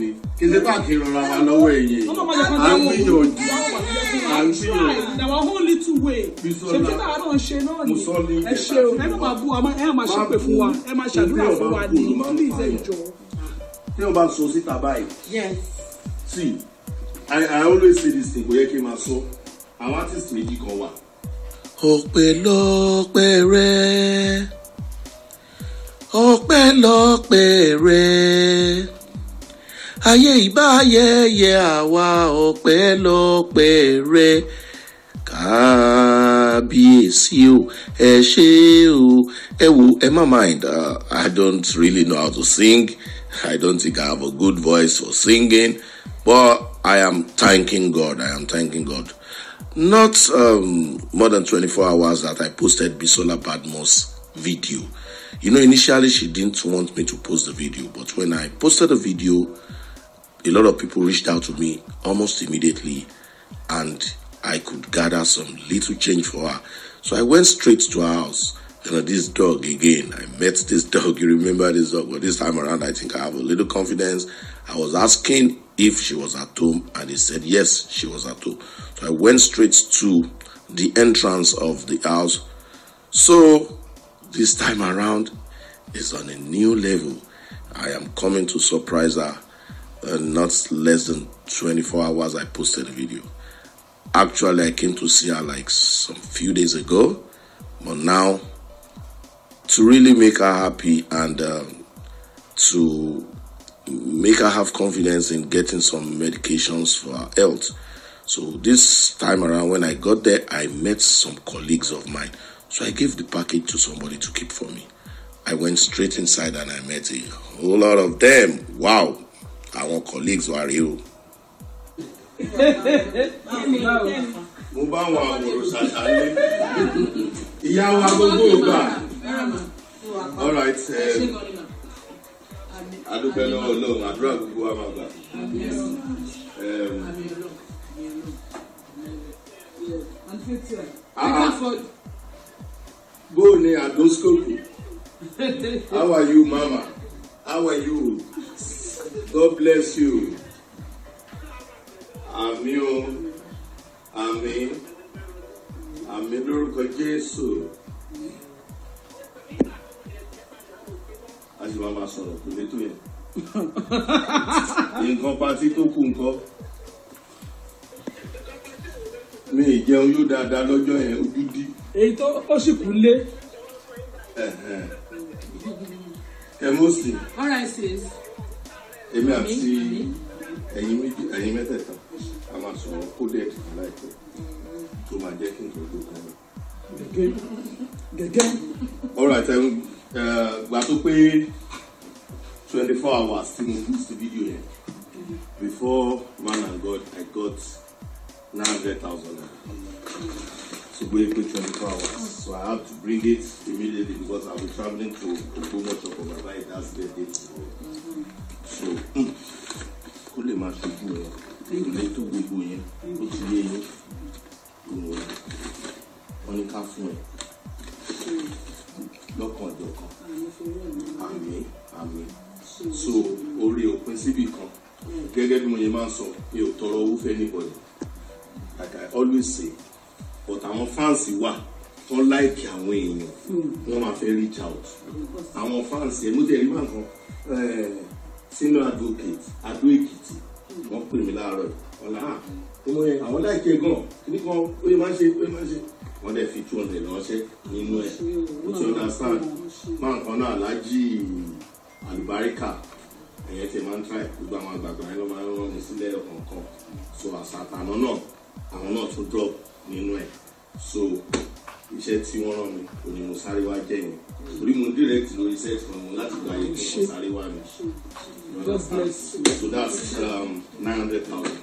ni kí ṣe bá kí rọra lọ́wọ́ ẹ̀yìn à ń gbìyànjú à ń gbìyànjú. our whole little way ṣe tí báwa náà ṣe náà ni ẹ ṣe o ẹ máa bú wa ẹ máa ṣàpè fún wa ẹ máa ṣàdúrà fún wa ní please ẹ jọ. tí wọn bá sọ síta báyìí. yes. see i i always say this thing kò yẹ kí n máa sọ àwọn artist méjì kan wà. ọpẹ́lọpẹ́ rẹ ọpẹ́lọpẹ́ rẹ. ayé ìbáyẹyẹ àwa ọpẹ́lọpẹ́ rẹ kábíyèsí o ẹ ṣe o ẹ wo ẹ mind uh, i don't really know how to sing i don't think i have a good voice for singing but i am thanking god i am thanking god not um, more than 24 hours that i posted bisola badmus video you know initially she didn't want me to post the video but when i posted the video a lot of people reached out to me almost immediately and I could gather some little change for her. So I went straight to her house. You know, this dog again, I met this dog. You remember this dog? But this time around, I think I have a little confidence. I was asking if she was at home, and he said yes, she was at home. So I went straight to the entrance of the house. So this time around is on a new level. I am coming to surprise her uh, not less than 24 hours I posted a video. Actually, I came to see her like some few days ago, but now to really make her happy and uh, to make her have confidence in getting some medications for her health. So this time around, when I got there, I met some colleagues of mine. So I gave the package to somebody to keep for me. I went straight inside and I met a whole lot of them. Wow, àwọn colleagues wa rèé o. mo bá wọn àwòrán ṣàṣàlẹ̀ ìyá wa gbogbo ìgbà all right eh, adúpẹ́ lọ́wọ́ ọlọ́run àdúrà gbogbo wa máa gbà. Eh, bó o àdóskòpù how are you mama how are you. God bless you. Àmín o, àmín, àmín lórúkọ Jésù. A sì máa ma sọ̀rọ̀ kò lè tó yẹn. Nǹkan patí tó kù nǹkan. Mi ì jẹun yóò dáadáa lọ́jọ́ yẹn ojú dí. Èyí tó ó sì kú lé. Ẹ All right sis èmi àti ẹ̀yin méjì ẹ̀yin mẹ́tẹ̀ẹ̀ta a máa sọ̀rọ̀ coded láìpẹ́ tó máa jẹ́ kí n tó tó tán gẹ́gẹ́ gẹ́gẹ́. ọ̀rọ̀ àti gbà tó pé twenty four hours tí mo post video yẹn before man and God I got nine hundred thousand naira to go Ekpe 24 hours. So I have to bring it immediately because I be traveling to Ogbomoso for my bike. That's the day tomorrow. Hmm, kó lè máa ṣojú ẹ ìrìlẹ̀ tó gbogbo yẹn ó ti lé yín wọn ní ká fún ẹ lọ́kàn ọ̀dọ̀kan àmì àmì so orí òpin síbì kan gẹ́gẹ́ bí mo yẹ máa ń sọ mi ò tọrọ owó fẹ́ níbọ̀dì like I always say but àwọn fáǹsì wà tó láìkì àwọn èèyàn wọ́n máa fẹ́ reach out àwọn fáǹsì ẹ̀ mú tẹ̀lé máa kan ẹ̀ẹ́. Eh, senior advocate adó èkìtì wọ́n pè mí láàárọ̀ ọ̀la ọmọ ah, yẹn àwọn láìpẹ́ gan kíní kan ó yẹ máa ń ṣe ó yẹ máa ń ṣe wọ́n dẹ̀ fi two hundred ránṣẹ́ nínú ẹ̀ o ti understand máa kan náà lájì àlùbáríkà ẹ̀yẹn ti máa ń try gbogbo àwọn àgbàgbà yẹn ló máa ń rán mi sílẹ̀ ọ̀kọ̀ọ̀kan so àṣà àtàná náà àwọn náà tún drop nínú ẹ̀ so iṣẹ́ tí wọ́n rán mi òní mo sáré wá jẹ́ yẹn orí mo direct lórí set kan mo láti gba yẹn mo sáré wá mi so that's um, nine hundred thousand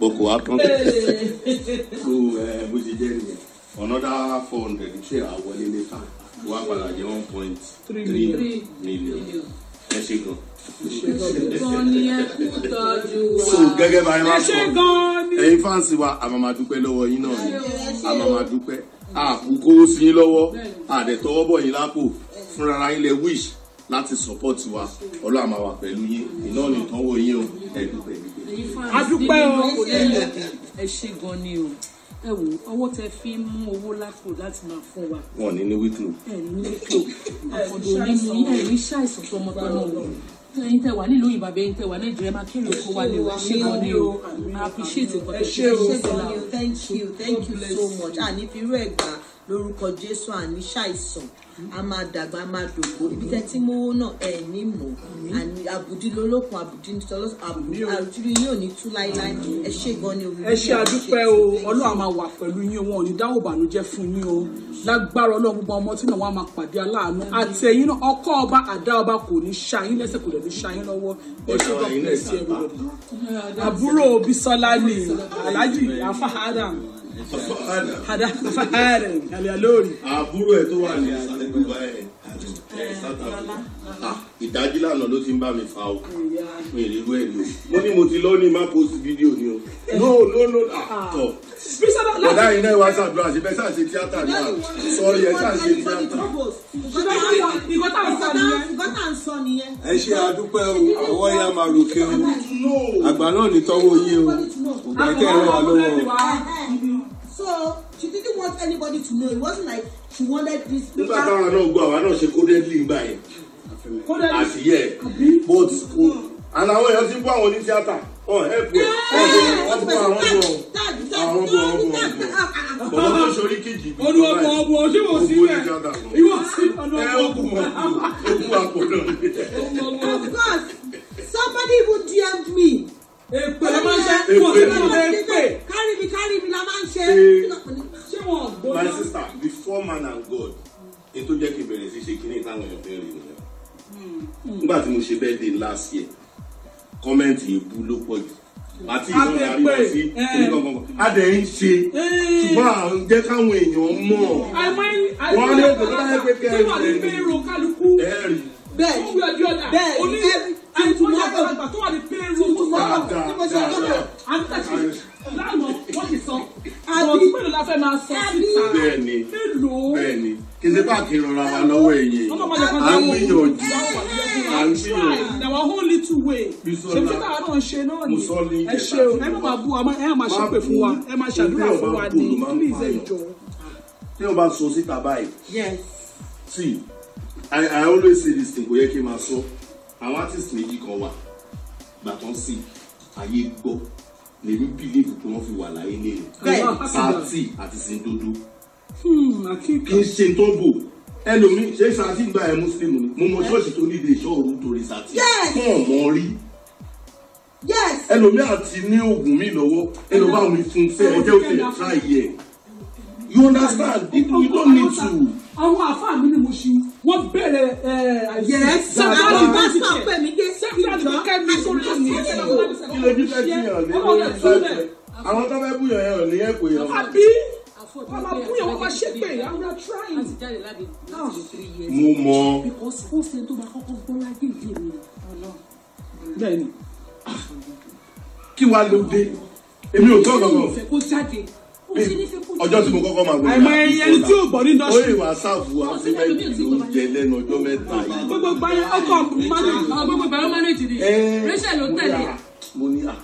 boko akán so eh, bó ṣe jẹ́ nìyẹn another four hundred ṣe àwọlé lẹ́ka wá padà jẹ́ one point three million ẹ ṣe gan. ṣe gan so gẹ́gẹ́ bá yẹn bá sọ. ẹ ṣe gan ẹ̀yin fáǹsì wa a máa máa dúpẹ́ lọ́wọ́ yín náà ni a máa máa dúpẹ́ àpòkó sí yín lọ́wọ́ àdẹ̀tọ́wọ́ bọ̀ yín lápò fúnra yín lẹ wish láti support wa ọlọ́run máa wà pẹ̀lú yín iná ní ìtọ́wò yín o ẹ dúpẹ́. a dúpẹ́ o ẹ ṣe gan ni o ẹ wò ọwọ́ tẹ fi mú owó lápò láti máa fún wa. wọn ní ní wíkìlò. ẹ ní wíkìlò àkọ́dọ̀ onímọ̀ ẹ ní ṣàìsàn tọmọtọmọ o ẹ̀yin tẹ́ wà nílùú òyìnbó àbí ẹ̀yin tẹ́ wà nàìjíríà máa kéré òkú wa ní o ṣé wọn ní o i appreciate nǹkan tó ṣe é ṣe é ṣe é thank you thank you so much àní fi irú ẹ̀ gbà lórúkọ jésù àní ṣàìsàn a máa dàgbà a máa dògbò ibi tẹ́ tí mówó náà ẹ̀ ní mọ̀ àbùdí lólókun àbùdí àbùdí yóò ní tú láíláí ẹ ṣé gan ni olùdíje ẹ ṣé àdúpẹ́ o ọlọ́run máa wà pẹ̀lú yín wọn ò ní dáwọ́ ìbànújẹ́ fún yín o lágbára ọlọ́run gbogbo ọmọ tí náà wọ́n máa pàdé aláàánú àti ẹ̀yin náà ọkọ ọba àdá ọba kò ní ṣayín lẹ́sẹ̀ kò dẹ̀ ní ṣayín lọ́wọ́ hada fahadẹ àlẹ́ lórí. àbúrò ẹ tó wà ní sàlẹ̀gbẹ̀gbà ẹ̀ ah, ìdájí lànà ló ti ń bá mi fa o mi ìrírú ẹ ni o mo ní mo ti lọ ní má post fídíò ni o no no no àtọ ah, bọ̀dá yìí náà wá sàdúrà sí bẹ́ẹ̀ sàṣe tíátà ni wa sọ́ọ́rì ẹ̀ sàṣe tíátà. ẹ ṣe àdúpẹ́ o àwọ̀ ya máa ròkè o àgbà náà ní tọ́wọ́ yín o ògbà kẹ́ ẹ lọ́wọ́ o so she didn't want anybody to know it wasn't like she wanted this speaker. nígbà táwọn náà gbọ́ àwa náà ṣe codedly ń báyìí àṣìyẹ but and àwọn èèyàn ti bọ́ àwọn onítíátà Oh help ẹ wọn bọ àwọn bọ àwọn bọ àwọn bọ bọ̀dọ̀ tó sori kejì bí wọn bọ ọbọ ṣé wọn sí bẹ ìwọ sí ọdọ ọbọ ọkùn ọkùn àpò náà. of course somebody even DM'd me. èpè ló máa ń ṣe é pọ̀ sí ọ̀rẹ́. tí mo ṣe birthday last year kọ́mẹ́ǹtì èébú ló pọ̀ jù àti ìrora àríwá sí onígbàgbọ́n a dẹ̀ ń ṣe eh. ṣùgbọ́n à ń jẹ́ káwọn èèyàn mọ̀ wọ́n ní òkè tó dáhẹ́ pé kẹrin ẹ̀rí bẹ́ẹ̀ bẹ́ẹ̀ oní ẹni tó máa bọ̀ àbí mélòó la fẹ́ máa kí n ṣe bá kí n rọra wa lọ́wọ́ èyí à ń gbìyànjú. I try na our own little way ṣe tí táwa náà ṣe náà ni ẹ ṣe o ẹ má máa bú ẹ má máa ṣépè fún wa ẹ máa ṣàdúrà fún wa ní please ẹ jọ. tí wọn bá sọ síta báyìí see I I always say this thing kò yẹ kí n máa sọ àwọn artist méjì kan wà gbàtàn sí ayé gbọ́ lèmi bìlíìfù tí wọ́n fi wà láyé lélẹ̀ pàtì àti sindodo hmm, kì í ṣe tó bò ẹlòmíì ṣé sàtì gba ẹ mùsùlùmù ni mo mọ ṣọ́ọ̀ṣì tó níbi ìṣọ́ òru torí sàtì fún ọmọ rí ẹlòmíì àti ní oògùn mi lọ́wọ́ ẹlòmíì àwọn ìfun fẹ́ ọjọ́ òkè try yẹ you understand you don't need to. àwọn àfáà mi ni mo ṣe wọ́n bẹ̀rẹ̀ àìsàn. yẹ sàkàlì bá sàn pè mí dé sàkàlì bá kẹ́mi sórí ọ̀nà ìṣẹ̀lẹ̀ ọ̀nà ìṣẹ̀lẹ̀ ọ̀nà ìṣẹ̀lẹ̀ àwọn tó fẹ́ búyọ̀ yẹn ò ní ẹ̀kọ́ yẹn wọ́n máa bú yẹn wọ́n máa ṣépè and we are trying. Ah. mo mọ. because ó ṣe tó máa kọ́kọ́ gbọ́ láyé ìdí mi. bẹ́ẹ̀ni kí wàá ló dé èmi ò tọ́ ọ̀rọ̀ lọ ọjọ́ tí mo kọ́kọ́ máa wọlé àìmọ̀ ẹyẹ ẹni tí ò gbọ́ ní dọ́ṣù. ó ìwà sáàfù àfẹ́mẹ́jì ló ń jẹ lẹ́nu ọjọ́ mẹ́ta yìí. gbogbo gbayọ ọkọ gbogbo gbayọ mánéjì ni rachel ló tẹ̀lé. mo ní à ah, ah,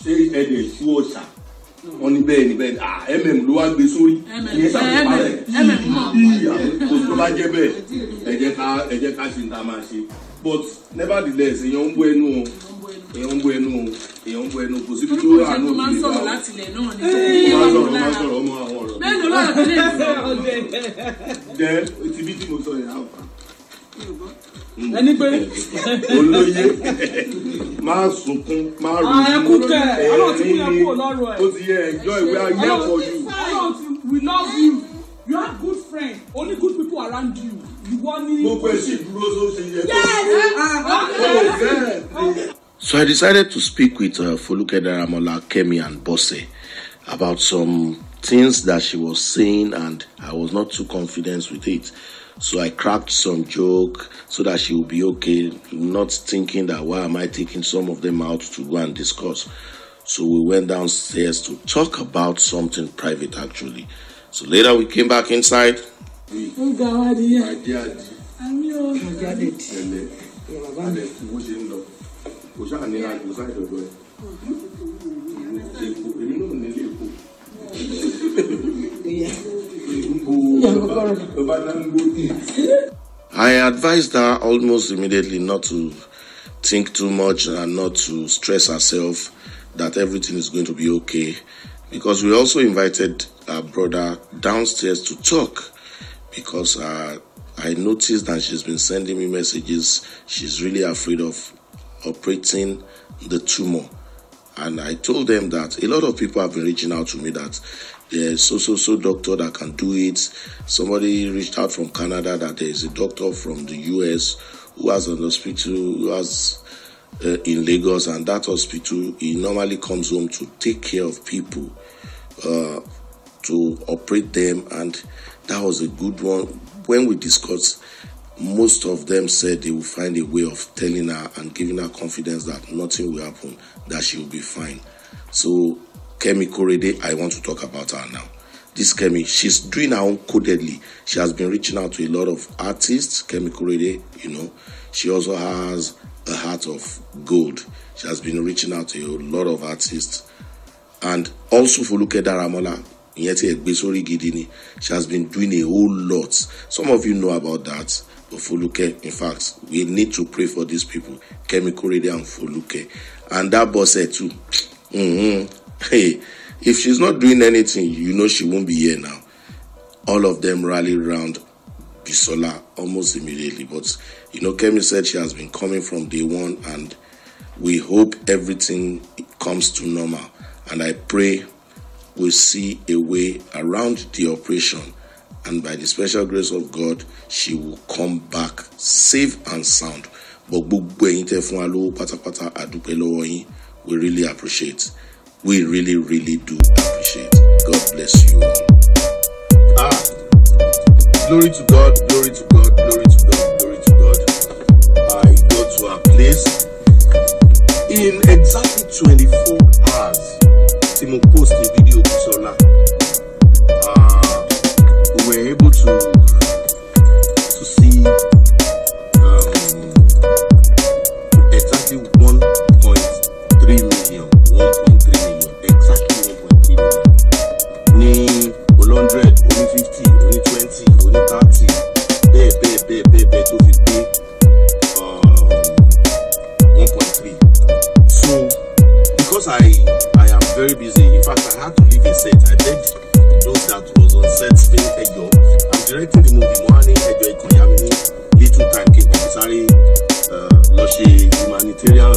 ṣé ẹ̀dẹ̀ sú ọ̀sà wọ́n ní bẹ́ẹ̀ ni bẹ́ẹ̀ ni ah mm ló wá gbé sórí ìyẹn sàkóso parẹ́ ìyá kò tó bá jẹ́ bẹ́ẹ̀ ẹ ká ẹ ká ṣe ń máa ṣe but nevertheless èèyàn ń bọ ẹnu o èèyàn ń bọ ẹnu o èèyàn ń bọ ẹnu kò síbi tó wà ní òbí o máa sọ̀rọ̀ máa sọ̀rọ̀ ọmọ àwọn ọ̀rọ̀ bẹ́ẹ̀ ló lọ́ọ̀ tẹ́lẹ̀ tẹ́ ti bí tí mo sọ yẹn á wà. Mm. ẹni pé olóye máa sunkún máa ah, ronú ẹkú kẹ Ọlọ́run ti mú ẹkú lọ́rọ̀ ẹ ó ti yẹ ẹjọ ìwé ayé ẹkọ yìí. Ọlọ́run we love you you are good friend only good people around you ìwọ ni. gbogbo èsì dúró tó ṣe yẹ kó. Ah, ah, so I decided to speak with uh, Foluke Daramola, Kemi, and Bosse about some things that she was saying, and I was not too confident with it. So I cracked some joke so that she would be okay, not thinking that why am I taking some of them out to go and discuss. So we went downstairs to talk about something private actually. So later we came back inside. I advised her almost immediately not to think too much and not to stress herself that everything is going to be okay because we also invited our brother downstairs to talk because uh, I noticed that she's been sending me messages. She's really afraid of operating the tumor. And I told them that a lot of people have been reaching out to me that there's so so so doctor that can do it. Somebody reached out from Canada that there is a doctor from the US who has an hospital who has uh, in Lagos, and that hospital he normally comes home to take care of people, uh, to operate them, and that was a good one. When we discussed, most of them said they will find a way of telling her and giving her confidence that nothing will happen, that she will be fine. So Kemi Korede, I want to talk about her now. This Kemi, she's doing her own codedly. She has been reaching out to a lot of artists. Kemi Korede, you know, she also has a heart of gold. She has been reaching out to a lot of artists. And also Foluke Daramola, Gidini, she has been doing a whole lot. Some of you know about that. But Foluke, in fact, we need to pray for these people. Kemi Korede and Foluke. And that boss said too. Mm -hmm. Hey, if she's not doing anything, you know she won't be here now. All of them rallied round Bisola almost immediately. But you know, Kemi said she has been coming from day one, and we hope everything comes to normal. And I pray we see a way around the operation, and by the special grace of God, she will come back safe and sound. But àdúpẹ́ we really appreciate. We really, really do appreciate. God bless you all. Ah, glory to God, glory to God, glory to God, glory to God. I go to a place in exactly 24 hours. Tí post a video Bisola. Ah, we were able to to see 지기만이 들려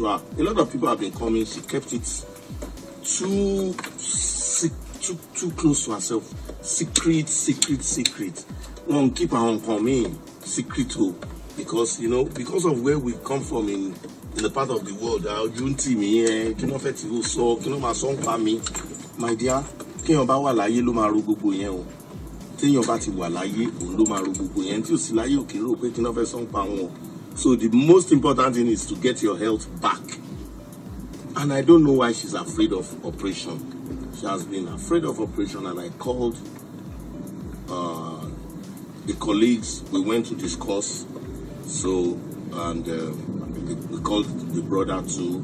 to A lot of people have been coming. She kept it too too too close to herself. Secret, secret, secret. One, keep her on coming secret o because you know because of where we come from in in the part of the world ah, Our ń team, mí ẹ kí ló so. tí ó sọ kí ló pa mi my dear kéèyàn bá wà láyé ló máa ro gbogbo yẹn o téèyàn bá ti wà láyé òun ló máa ro gbogbo yẹn tí ò sí láyé òkè rò pé kí ló fẹ́ sọ ń pa wọn o. So the most important thing is to get your health back. And I don't know why she's afraid of operation. She has been afraid of operation, and I called uh, the colleagues. We went to discuss. So, and uh, we called the brother too.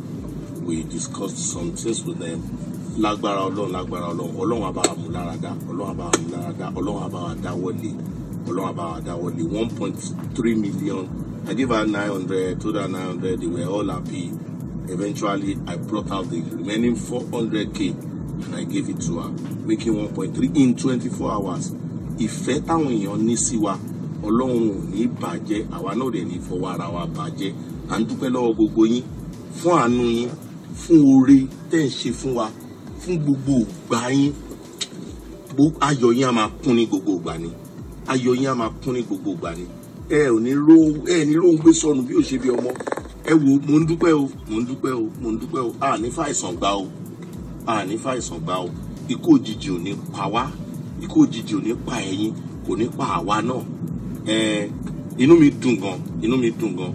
We discussed some things with them. lágbára ọlọ́run lágbára ọlọ́run three million I gave her 900, told her 900, they were all happy. Eventually, I brought out the remaining 400k and I gave it to her, making 1.3 in 24 hours. Ìfẹ́ táwọn èèyàn ní sí wa, Ọlọ́run ò ní bàjẹ́, àwa náà dẹ̀ ní fọwọ́ ara wa bàjẹ́. À ń dúpẹ́ lọ́wọ́ gbogbo yín fún àánú yín, fún oore tẹ́ ń ṣe fún wa, fún gbogbo ìgbà yín. Ayọ̀ yín á máa kún ní gbogbo ìgbà ni. Ayọ̀ ẹ ò ní ró ẹ ní ró ń gbé sọnù bí ò ṣe bí ọmọ ẹ wo mò ń dúpẹ́ o mò ń dúpẹ́ o mò ń dúpẹ́ o a ní fàìsàn gbà o a ní fàìsàn gbà o ikú òjijì ò ní pa wá ikú òjijì ò ní pa ẹ̀yin kò ní pa àwa náà ẹ inú mi dùn gan inú mi dùn gan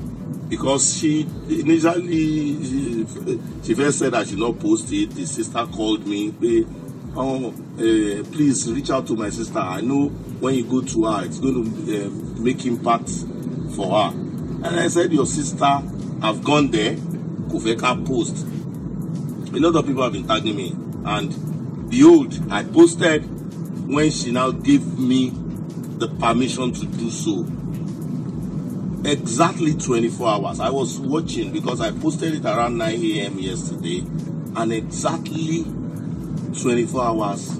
because she initially she first said that she no post it the sister called me pe oh uh, please reach out to my sister i know when you go to her, it's going to uh, um, make impact for her. And I said, your sister, I've gone there, Kofeka post. A lot of people have been tagging me. And behold, I posted when she now gave me the permission to do so. Exactly 24 hours. I was watching because I posted it around 9 a.m. yesterday. And exactly 24 hours,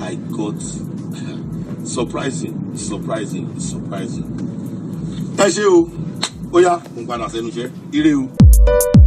I got surprising surprising surprising. ẹ ṣé o ó yá mo ń padà sẹ́nu iṣẹ́ ire o.